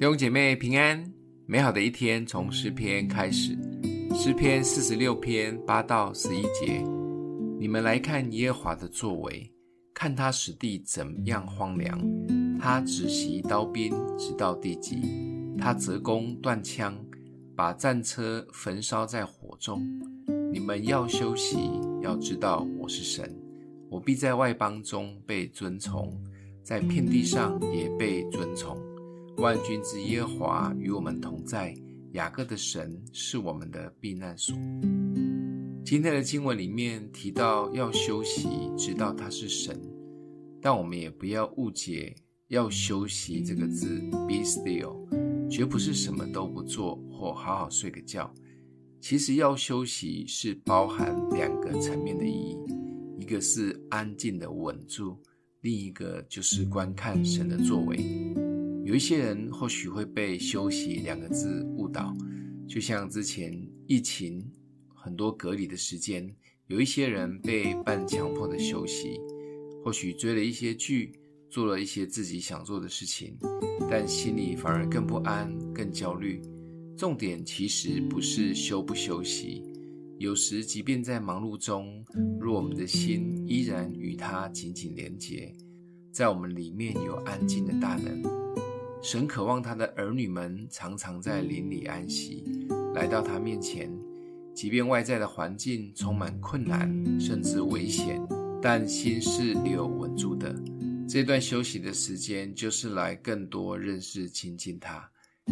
弟兄姐妹平安，美好的一天從詩篇開始。詩篇四十六篇八到十一節，你們來看耶和華的作為，看他使地怎樣荒涼，他止息刀兵，直到地極，他折弓斷槍，把戰車焚燒在火中。你們要休息，要知道我是神，我必在外邦中被尊崇，在遍地上也被尊崇。萬軍之耶和華與我們同在，雅各的神是我們的避難所。今天的經文裡面提到要休息，知道他是神，但我們也不要誤解“要休息”這個字 （be still），絕不是什麼都不做或好好睡個覺。其實要休息是包含兩個層面的意義，一個是安靜的穩住，另一個就是觀看神的作為。有一些人或許會被“休息”兩個字誤導，就像之前疫情很多隔離的時間，有一些人被半強迫的休息，或許追了一些劇，做了一些自己想做的事情，但心裡反而更不安、更焦慮。重點其實不是休不休息，有時即便在忙碌中，若我們的心依然與祂緊緊連結，在我們裡面有安靜的大能。神渴望他的兒女們常常在靈裡安息，來到他面前，即便外在的環境充滿困難，甚至危險，但心是 be still 穩住的。這段休息的時間，就是來更多認識親近他，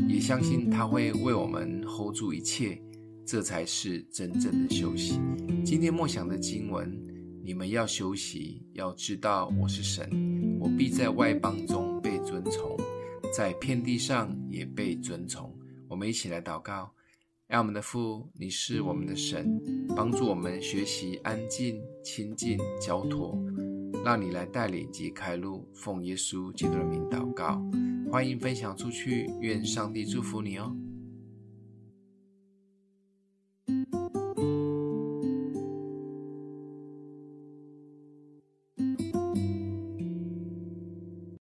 也相信他會為我們 hold 住一切。這才是真正的休息。今天默想的經文，你們要休息，要知道我是神，我必在外邦中被尊崇。在遍地上也被尊崇。我們一起來禱告，愛我們的父，你是我們的神，幫助我們學習安靜、親近、交託，讓你來帶領及開路。奉耶穌基督的名禱告，歡迎分享出去，願上帝祝福你哦。